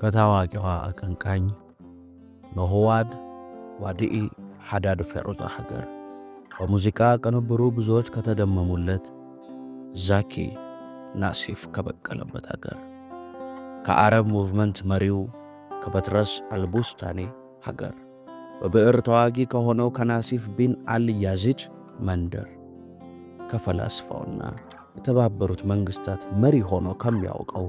ከታዋቂዋ አቀንቃኝ መሆዋድ ዋዲኢ ሓዳድ ፌዑዝ ሀገር በሙዚቃ ቅንብሩ ብዙዎች ከተደመሙለት ዛኪ ናሲፍ ከበቀለበት ሀገር ከአረብ ሙቭመንት መሪው ከበትረስ አልቡስታኔ ሀገር በብዕር ተዋጊ ከሆነው ከናሲፍ ቢን አል ያዚጅ መንደር ከፈላስፋውና የተባበሩት መንግሥታት መሪ ሆኖ ከሚያውቀው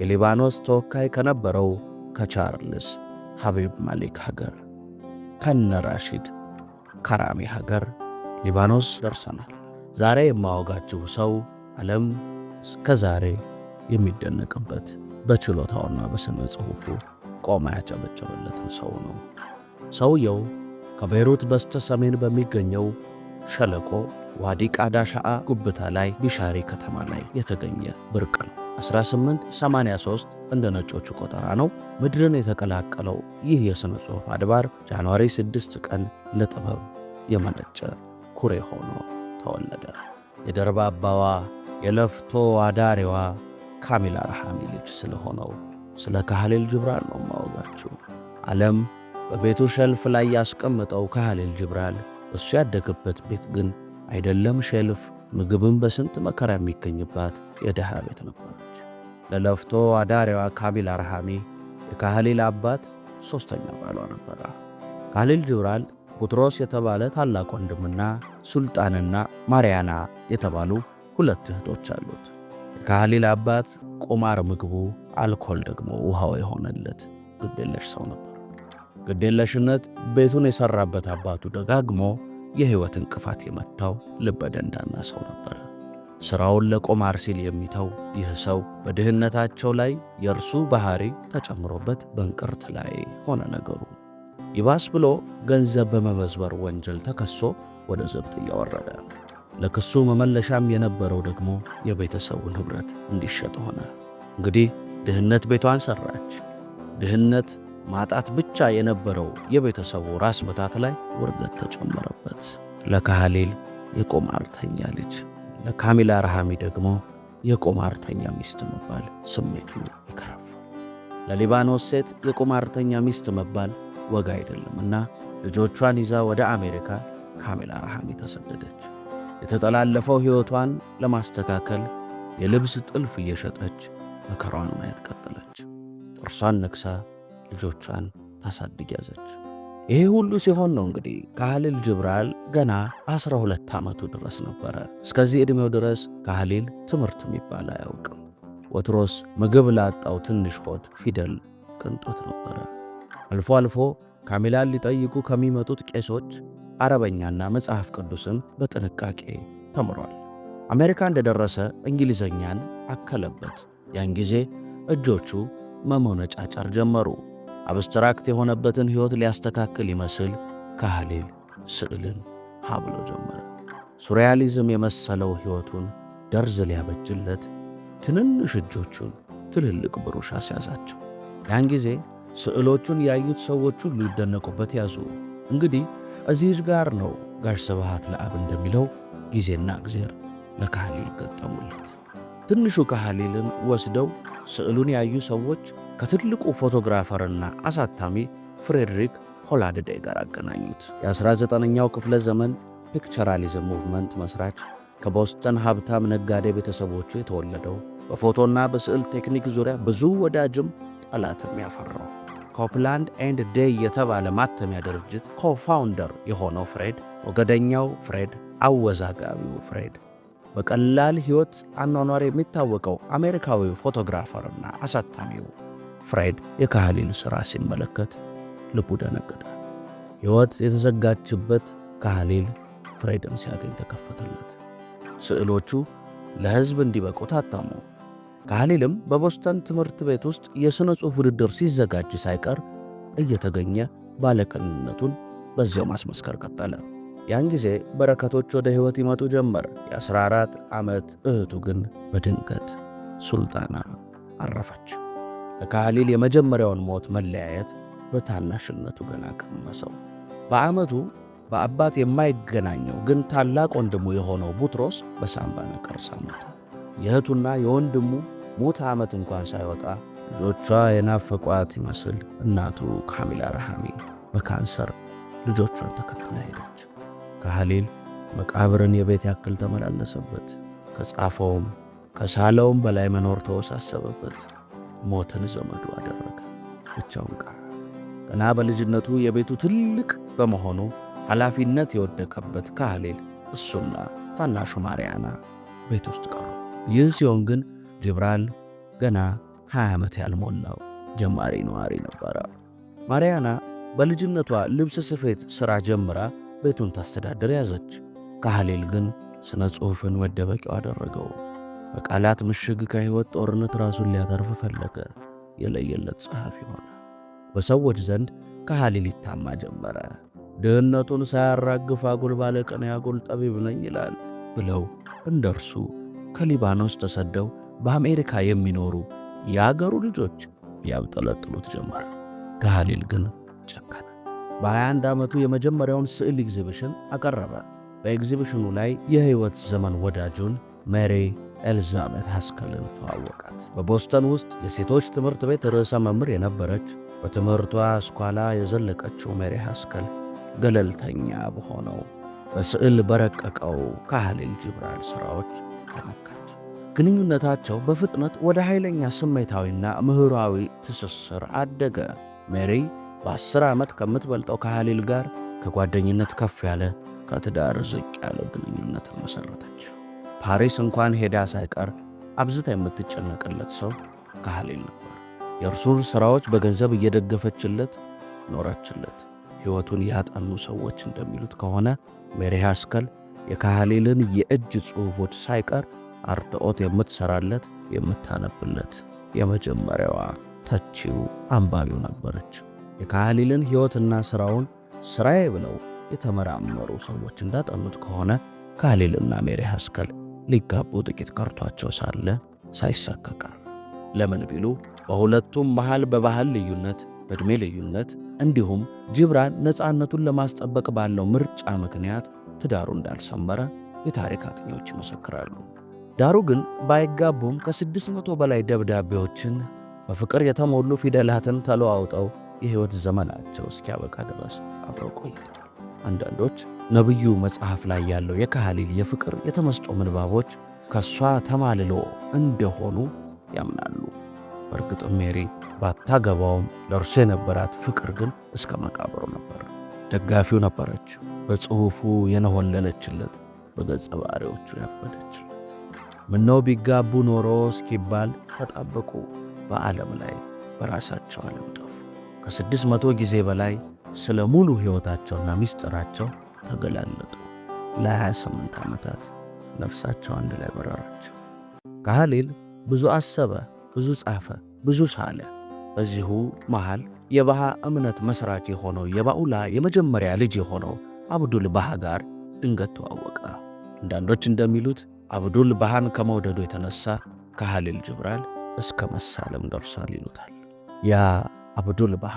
የሊባኖስ ተወካይ ከነበረው ከቻርልስ ሐቢብ ማሊክ ሀገር ከነ ራሺድ ከራሚ ሀገር ሊባኖስ ደርሰናል። ዛሬ የማወጋችሁ ሰው ዓለም እስከ ዛሬ የሚደነቅበት በችሎታውና በሥነ ጽሑፉ ቆማ ያጨበጨበለትን ሰው ነው። ሰውየው ከቤይሩት በስተ ሰሜን በሚገኘው ሸለቆ ዋዲ ቃዳ ሻአ ጉብታ ላይ ቢሻሪ ከተማ ላይ የተገኘ ብርቅ ነው። 1883 እንደ ነጮቹ ቆጠራ ነው ምድርን የተቀላቀለው ይህ የሥነ ጽሑፍ አድባር ጃንዋሪ 6 ቀን ለጥበብ የመነጨ ኩሬ ሆኖ ተወለደ። የደርባ አባዋ የለፍቶ አዳሪዋ ካሚላ ረሃሚ ልጅ ስለሆነው ስለ ካህሌል ጅብራል ነው ማወጋችሁ። ዓለም በቤቱ ሸልፍ ላይ ያስቀምጠው ካህሌል ጅብራል እሱ ያደገበት ቤት ግን አይደለም ሸልፍ ምግብም በስንት መከራ የሚገኝባት የድሃ ቤት ነበረች። ለለፍቶ አዳሪዋ ካሚል አርሃሚ የካህሊል አባት ሦስተኛ ባሏ ነበረ። ካህሊል ጅብራል ቡጥሮስ የተባለ ታላቅ ወንድምና ሱልጣንና ማርያና የተባሉ ሁለት እህቶች አሉት። የካህሊል አባት ቁማር ምግቡ፣ አልኮል ደግሞ ውሃው የሆነለት ግዴለሽ ሰው ነበር። ግዴለሽነት ቤቱን የሠራበት አባቱ ደጋግሞ የሕይወት እንቅፋት የመታው ልበ ደንዳና ሰው ነበረ። ሥራውን ለቆማር ሲል የሚተው ይህ ሰው በድህነታቸው ላይ የእርሱ ባሕሪ ተጨምሮበት በእንቅርት ላይ ሆነ ነገሩ። ይባስ ብሎ ገንዘብ በመመዝበር ወንጀል ተከሶ ወደ ዘብጥ እያወረደ ለክሱ መመለሻም የነበረው ደግሞ የቤተሰቡ ንብረት እንዲሸጥ ሆነ። እንግዲህ ድህነት ቤቷን ሠራች። ድህነት ማጣት ብቻ የነበረው የቤተሰቡ ራስ ምታት ላይ ውርደት ተጨመረበት። ለካህሌል የቆማርተኛ ልጅ፣ ለካሚላ ረሃሚ ደግሞ የቆማርተኛ ሚስት መባል ስሜቱ ይከረፋል። ለሊባኖስ ሴት የቁማርተኛ ሚስት መባል ወግ አይደለምና ልጆቿን ይዛ ወደ አሜሪካ ካሚላ ረሃሚ ተሰደደች። የተጠላለፈው ሕይወቷን ለማስተካከል የልብስ ጥልፍ እየሸጠች መከራዋን ማየት ቀጠለች። ጥርሷን ነክሳ ልጆቿን ታሳድግ ያዘች። ይህ ሁሉ ሲሆን ነው እንግዲህ ካህሊል ጅብራል ገና 12 ዓመቱ ድረስ ነበረ። እስከዚህ ዕድሜው ድረስ ካህሊል ትምህርት የሚባል አያውቅም። ወትሮስ ምግብ ላጣው ትንሽ ሆድ ፊደል ቅንጦት ነበረ። አልፎ አልፎ ካሚላን ሊጠይቁ ከሚመጡት ቄሶች አረበኛና መጽሐፍ ቅዱስን በጥንቃቄ ተምሯል። አሜሪካ እንደደረሰ እንግሊዘኛን አከለበት። ያን ጊዜ እጆቹ መሞነጫጨር ጀመሩ። አብስትራክት የሆነበትን ሕይወት ሊያስተካክል ይመስል ካህሊል ስዕልን ሀብሎ ብሎ ጀመረ። ሱሪያሊዝም የመሰለው ሕይወቱን ደርዝ ሊያበጅለት ትንንሽ እጆቹን ትልልቅ ብሩሽ አስያዛቸው። ያን ጊዜ ስዕሎቹን ያዩት ሰዎች ሁሉ ይደነቁበት ያዙ። እንግዲህ እዚህ ጋር ነው ጋሽ ስብሃት ለአብ እንደሚለው ጊዜና እግዜር ለካህሊል ገጠሙለት። ትንሹ ካህሊልን ወስደው ስዕሉን ያዩ ሰዎች ከትልቁ ፎቶግራፈርና አሳታሚ ፍሬድሪክ ሆላንድዴ ጋር አገናኙት። የ19ኛው ክፍለ ዘመን ፒክቸራሊዝም ሙቭመንት መስራች ከቦስተን ሀብታም ነጋዴ ቤተሰቦቹ የተወለደው በፎቶና በስዕል ቴክኒክ ዙሪያ ብዙ ወዳጅም ጠላትም ያፈራው ኮፕላንድ ኤንድ ዴይ የተባለ ማተሚያ ድርጅት ኮፋውንደር የሆነው ፍሬድ፣ ወገደኛው ፍሬድ፣ አወዛጋቢው ፍሬድ በቀላል ሕይወት አኗኗር የሚታወቀው አሜሪካዊው ፎቶግራፈርና አሳታሚው ፍሬድ የካህሊል ሥራ ሲመለከት ልቡ ደነገጠ። ሕይወት የተዘጋችበት ካህሊል ፍሬድን ሲያገኝ ተከፈተለት። ስዕሎቹ ለሕዝብ እንዲበቁ ታተሙ። ካህሊልም በቦስተን ትምህርት ቤት ውስጥ የሥነ ጽሑፍ ውድድር ሲዘጋጅ ሳይቀር እየተገኘ ባለቅንነቱን በዚያው ማስመስከር ቀጠለ። ያን ጊዜ በረከቶች ወደ ሕይወት ይመጡ ጀመር። የ14 ዓመት እህቱ ግን በድንገት ሱልጣና አረፈች። ከካህሊል የመጀመሪያውን ሞት መለያየት በታናሽነቱ ገና ቀመሰው። በዓመቱ በአባት የማይገናኘው ግን ታላቅ ወንድሙ የሆነው ቡትሮስ በሳምባ ነቀርሳ ሞተ። የእህቱና የወንድሙ ሙት ዓመት እንኳን ሳይወጣ ልጆቿ የናፈቋት ይመስል እናቱ ካሚላ ረሃሚ በካንሰር ልጆቿን ተከትላ ሄደች። ካህሊል መቃብርን የቤት ያክል ተመላለሰበት። ከጻፈውም ከሳለውም በላይ መኖር ተወሳሰበበት። ሞትን ዘመዱ አደረገ፣ ብቻውን ቀረ። ገና በልጅነቱ የቤቱ ትልቅ በመሆኑ ኃላፊነት የወደቀበት ካህሊል እሱና ታናሹ ማርያና ቤት ውስጥ ቀሩ። ይህ ሲሆን ግን ጅብራል ገና 20 ዓመት ያልሞላው ጀማሪ ነዋሪ ነበረ። ማርያና በልጅነቷ ልብስ ስፌት ሥራ ጀምራ ቤቱን ታስተዳደር ያዘች። ካህሌል ግን ስነ ጽሑፍን መደበቂያው አደረገው። በቃላት ምሽግ ከሕይወት ጦርነት ራሱን ሊያተርፍ ፈለገ። የለየለት ጸሐፊ ሆነ። በሰዎች ዘንድ ካህሊል ይታማ ጀመረ። ድህነቱን ሳያራግፍ አጉል ባለቀን ያጉል ጠቢብ ነኝ ይላል ብለው እንደ እርሱ ከሊባኖስ ተሰደው በአሜሪካ የሚኖሩ የአገሩ ልጆች ያብጠለጥሉት ጀመር። ካህሊል ግን ጨከነ። በ21 ዓመቱ የመጀመሪያውን ስዕል ኤግዚቢሽን አቀረበ። በኤግዚቢሽኑ ላይ የሕይወት ዘመን ወዳጁን ሜሪ ኤልዛቤት ሀስከልን ተዋወቃት። በቦስተን ውስጥ የሴቶች ትምህርት ቤት ርዕሰ መምህር የነበረች በትምህርቷ አስኳላ የዘለቀችው ሜሪ ሀስከል ገለልተኛ በሆነው በስዕል በረቀቀው ከሃሊል ጂብራን ሥራዎች ተመካች። ግንኙነታቸው በፍጥነት ወደ ኃይለኛ ስሜታዊና ምሁራዊ ትስስር አደገ። ሜሪ በአስር ዓመት ከምትበልጠው ከሃሊል ጋር ከጓደኝነት ከፍ ያለ ከትዳር ዝቅ ያለ ግንኙነት መሠረተች። ፓሪስ እንኳን ሄዳ ሳይቀር አብዝታ የምትጨነቅለት ሰው ከሃሊል ነበር። የእርሱን ሥራዎች በገንዘብ እየደገፈችለት ኖረችለት። ሕይወቱን ያጠኑ ሰዎች እንደሚሉት ከሆነ ሜሪ ሃስከል የካህሊልን የእጅ ጽሑፎች ሳይቀር አርትኦት የምትሠራለት የምታነብለት የመጀመሪያዋ ተቺው አንባቢው ነበረች። የካህሊልን ሕይወትና ሥራውን ሥራዬ ብለው የተመራመሩ ሰዎች እንዳጠኑት ከሆነ ካህሊልና ሜሪ ሐስከል ሊጋቡ ጥቂት ቀርቷቸው ሳለ ሳይሳካ ለምን ቢሉ በሁለቱም መሃል በባህል ልዩነት፣ በዕድሜ ልዩነት እንዲሁም ጅብራን ነፃነቱን ለማስጠበቅ ባለው ምርጫ ምክንያት ትዳሩ እንዳልሰመረ የታሪክ አጥኚዎች ይመሰክራሉ። ዳሩ ግን ባይጋቡም ከስድስት መቶ በላይ ደብዳቤዎችን በፍቅር የተሞሉ ፊደላትን ተለዋውጠው የሕይወት ዘመናቸው እስኪያበቃ ድረስ አብረው ቆይተዋል። አንዳንዶች ነቢዩ መጽሐፍ ላይ ያለው የካህሊል የፍቅር የተመስጦ ምንባቦች ከእሷ ተማልሎ እንደሆኑ ያምናሉ። በእርግጥም ሜሪ ባታገባውም ለእርሱ የነበራት ፍቅር ግን እስከ መቃብሩ ነበር። ደጋፊው ነበረች፣ በጽሑፉ የነሆለለችለት፣ በገጸ ባህሪዎቹ ያበደችለት። ምነው ቢጋቡ ኖሮ እስኪባል ተጣበቁ፣ በዓለም ላይ በራሳቸው ዓለም ጠፉ። ከስድስት መቶ ጊዜ በላይ ስለ ሙሉ ሕይወታቸውና ምስጢራቸው ተገላለጡ። ለ28 ዓመታት ነፍሳቸው አንድ ላይ በረራቸው። ካህሊል ብዙ አሰበ፣ ብዙ ጻፈ፣ ብዙ ሳለ። በዚሁ መሃል የባሃ እምነት መሥራች የሆነው የባኡላ የመጀመሪያ ልጅ የሆነው አብዱል ባሃ ጋር ድንገት ተዋወቀ። አንዳንዶች እንደሚሉት አብዱል ባሃን ከመውደዱ የተነሳ ካህሊል ጅብራል እስከ መሳለም ደርሷል ይሉታል ያ አብዱል ባሃ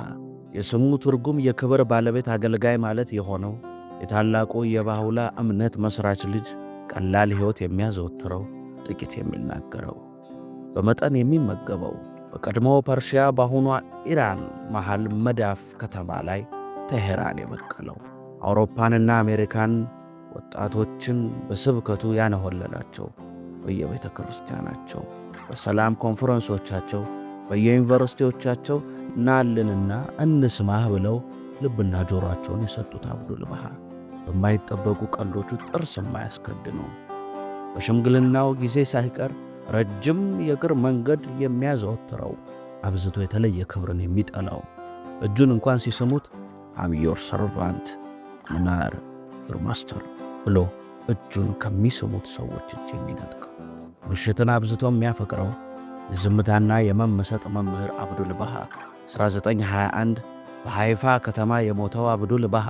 የስሙ ትርጉም የክብር ባለቤት አገልጋይ ማለት የሆነው የታላቁ የባሁላ እምነት መስራች ልጅ ቀላል ሕይወት የሚያዘወትረው ጥቂት የሚናገረው በመጠን የሚመገበው በቀድሞ ፐርሺያ በአሁኗ ኢራን መሃል መዳፍ ከተማ ላይ ቴሄራን የበቀለው አውሮፓንና አሜሪካን ወጣቶችን በስብከቱ ያነሆለላቸው በየቤተ ክርስቲያናቸው በሰላም ኮንፈረንሶቻቸው በየዩኒቨርስቲዎቻቸው ናልንና እንስማህ ብለው ልብና ጆሮአቸውን የሰጡት አብዱል ባሃ በማይጠበቁ ቀልዶቹ ጥርስ ነው። በሽምግልናው ጊዜ ሳይቀር ረጅም የእግር መንገድ የሚያዘወትረው አብዝቶ የተለየ ክብርን የሚጠላው እጁን እንኳን ሲስሙት አምዮር ሰርቫንት ምናር ዮር ማስተር ብሎ እጁን ከሚስሙት ሰዎች እጅ የሚነጥቀው ምሽትን አብዝቶ የሚያፈቅረው የዝምታና የመመሰጥ መምህር አብዱል ባሃ 1921 በሃይፋ ከተማ የሞተው አብዱል ባሃ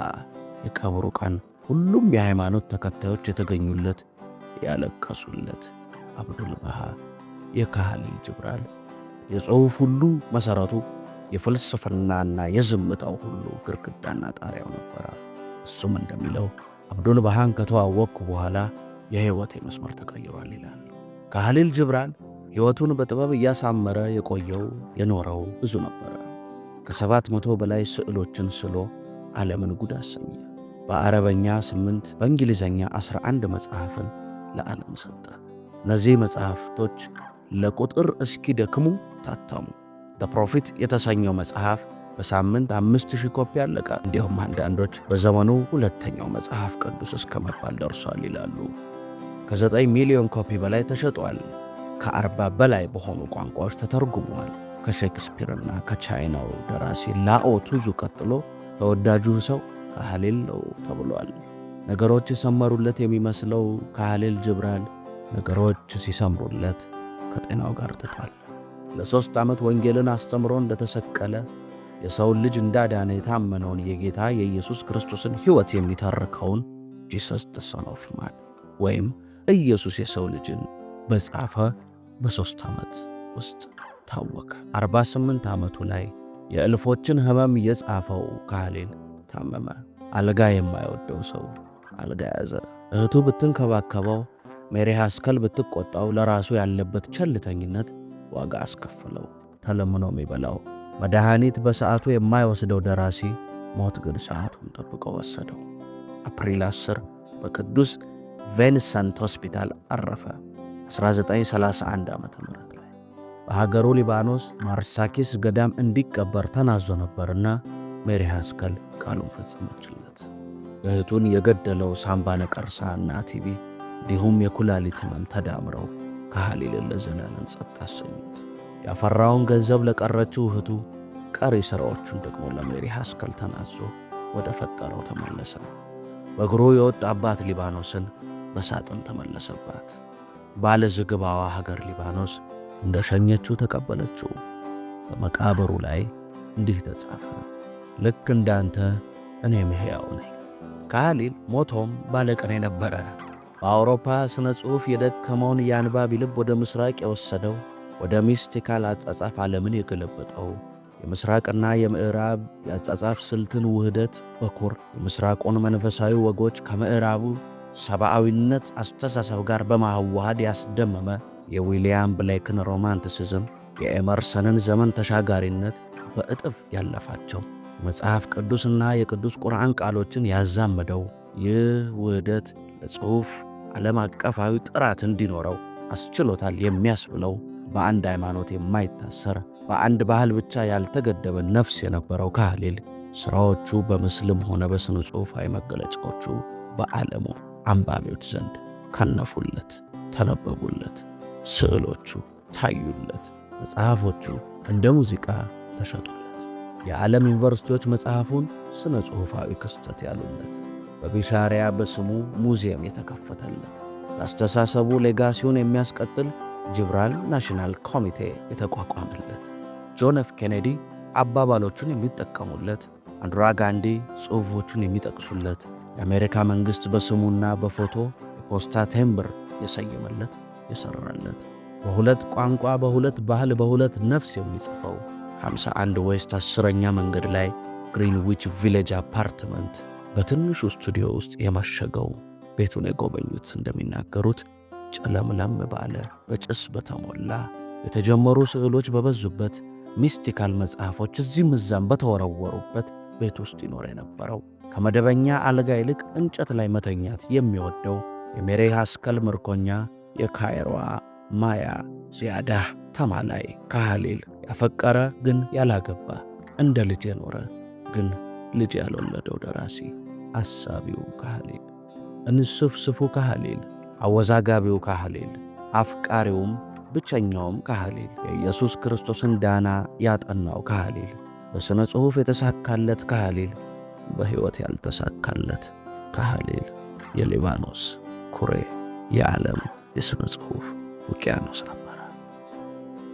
የቀብሩ ቀን ሁሉም የሃይማኖት ተከታዮች የተገኙለት ያለቀሱለት አብዱል ባሃ የካህሊ ጅብራል የጽሑፍ ሁሉ መሠረቱ የፍልስፍናና የዝምታው ሁሉ ግርግዳና ጣሪያው ነበረ። እሱም እንደሚለው አብዱል ባሃን ከተዋወቅኩ በኋላ የሕይወቴ መስመር ተቀይሯል ይላል። ካህሊል ጅብራል ሕይወቱን በጥበብ እያሳመረ የቆየው የኖረው ብዙ ነበረ። ከሰባት መቶ በላይ ስዕሎችን ስሎ ዓለምን ጉድ አሰኘ። በአረበኛ ስምንት በእንግሊዝኛ ዐሥራ አንድ መጽሐፍን ለዓለም ሰጠ። እነዚህ መጽሐፍቶች ለቁጥር እስኪደክሙ ታተሙ። በፕሮፊት የተሰኘው መጽሐፍ በሳምንት አምስት ሺህ ኮፒ አለቀ። እንዲሁም አንዳንዶች በዘመኑ ሁለተኛው መጽሐፍ ቅዱስ እስከ መባል ደርሷል ይላሉ። ከዘጠኝ ሚሊዮን ኮፒ በላይ ተሸጧል። ከአርባ በላይ በሆኑ ቋንቋዎች ተተርጉመዋል። ከሼክስፒርና ከቻይናው ደራሲ ላኦ ቱዙ ቀጥሎ ተወዳጁ ሰው ካህሊል ነው ተብሏል። ነገሮች የሰመሩለት የሚመስለው ካህሊል ጅብራን ነገሮች ሲሰምሩለት ከጤናው ጋር ትቷል። ለሦስት ዓመት ወንጌልን አስተምሮ እንደተሰቀለ የሰውን ልጅ እንዳዳነ የታመነውን የጌታ የኢየሱስ ክርስቶስን ሕይወት የሚተርከውን ጂሰስ ተሰኖፍማል ወይም ኢየሱስ የሰው ልጅን በጻፈ በሦስት ዓመት ውስጥ ታወቀ። 48 ዓመቱ ላይ የእልፎችን ሕመም የጻፈው ካህሊል ታመመ። አልጋ የማይወደው ሰው አልጋ ያዘ። እህቱ ብትንከባከበው፣ ሜሪ ሃስከል ብትቆጣው፣ ለራሱ ያለበት ቸልተኝነት ዋጋ አስከፍለው። ተለምኖ የሚበላው መድኃኒት በሰዓቱ የማይወስደው ደራሲ ሞት ግን ሰዓቱን ጠብቆ ወሰደው። አፕሪል 10 በቅዱስ ቬንሰንት ሆስፒታል አረፈ። 1931 ም ላይ በሀገሩ ሊባኖስ ማርሳኪስ ገዳም እንዲቀበር ተናዞ ነበርና ሜሪ ሃስከል ቃሉን ፈጸመችለት። እህቱን የገደለው ሳምባ ነቀርሳ እና ቲቢ እንዲሁም የኩላሊት ህመም ተዳምረው ከሃሊል ለዘላለም ጸጥ አሰኙት። ያፈራውን ገንዘብ ለቀረችው እህቱ፣ ቀሪ ሥራዎቹን ደግሞ ለሜሪ ሃስከል ተናዞ ወደ ፈጠረው ተመለሰ። በእግሩ አባት ሊባኖስን በሳጥን ተመለሰባት። ባለ ዝግባዋ ሀገር ሊባኖስ እንደ ሸኘችው ተቀበለችው። በመቃብሩ ላይ እንዲህ ተጻፈ፣ ልክ እንዳንተ እኔም ሕያው ነኝ። ካህሊል ሞቶም ባለቅኔ ነበረ። በአውሮፓ ሥነ ጽሑፍ የደከመውን የአንባቢ ልብ ወደ ምሥራቅ የወሰደው ወደ ሚስቲካል አጻጻፍ ዓለምን የገለበጠው የምሥራቅና የምዕራብ የአጻጻፍ ስልትን ውህደት በኩር የምሥራቁን መንፈሳዊ ወጎች ከምዕራቡ ሰብአዊነት አስተሳሰብ ጋር በማዋሃድ ያስደመመ የዊልያም ብሌክን ሮማንቲሲዝም የኤመርሰንን ዘመን ተሻጋሪነት በእጥፍ ያለፋቸው መጽሐፍ ቅዱስና የቅዱስ ቁርአን ቃሎችን ያዛመደው ይህ ውህደት ለጽሑፍ ዓለም አቀፋዊ ጥራት እንዲኖረው አስችሎታል የሚያስብለው በአንድ ሃይማኖት የማይታሰር በአንድ ባህል ብቻ ያልተገደበ ነፍስ የነበረው ካህሊል ሥራዎቹ በምስልም ሆነ በሥነ ጽሑፋዊ መገለጫዎቹ በዓለሙ አንባቢዎች ዘንድ ከነፉለት፣ ተነበቡለት፣ ስዕሎቹ ታዩለት፣ መጽሐፎቹ እንደ ሙዚቃ ተሸጡለት። የዓለም ዩኒቨርሲቲዎች መጽሐፉን ሥነ ጽሑፋዊ ክስተት ያሉለት፣ በቢሻሪያ በስሙ ሙዚየም የተከፈተለት፣ ለአስተሳሰቡ ሌጋሲውን የሚያስቀጥል ጅብራል ናሽናል ኮሚቴ የተቋቋመለት፣ ጆን ኤፍ ኬኔዲ አባባሎቹን የሚጠቀሙለት፣ አንድራ ጋንዲ ጽሑፎቹን የሚጠቅሱለት የአሜሪካ መንግሥት በስሙና በፎቶ የፖስታ ቴምብር የሰየመለት የሠራለት በሁለት ቋንቋ በሁለት ባህል በሁለት ነፍስ የሚጽፈው 51 ዌስት አስረኛ መንገድ ላይ ግሪንዊች ቪሌጅ አፓርትመንት በትንሹ ስቱዲዮ ውስጥ የማሸገው ቤቱን የጎበኙት እንደሚናገሩት ጨለምለም ባለ በጭስ በተሞላ የተጀመሩ ስዕሎች በበዙበት ሚስቲካል መጽሐፎች እዚህም እዛም በተወረወሩበት ቤት ውስጥ ይኖር የነበረው ከመደበኛ አልጋ ይልቅ እንጨት ላይ መተኛት የሚወደው የሜሪ ሃስከል ምርኮኛ የካይሮዋ ማያ ዚያዳ ተማላይ ካህሊል ያፈቀረ ግን ያላገባ እንደ ልጅ የኖረ ግን ልጅ ያልወለደው ደራሲ አሳቢው ካህሊል፣ እንስፍስፉ ካህሊል፣ አወዛጋቢው ካህሊል፣ አፍቃሪውም ብቸኛውም ካህሊል፣ የኢየሱስ ክርስቶስን ዳና ያጠናው ካህሊል፣ በሥነ ጽሑፍ የተሳካለት ካህሊል በሕይወት ያልተሳካለት ካህሊል የሊባኖስ ኩሬ የዓለም የሥነ ጽሑፍ ውቅያኖስ ነው።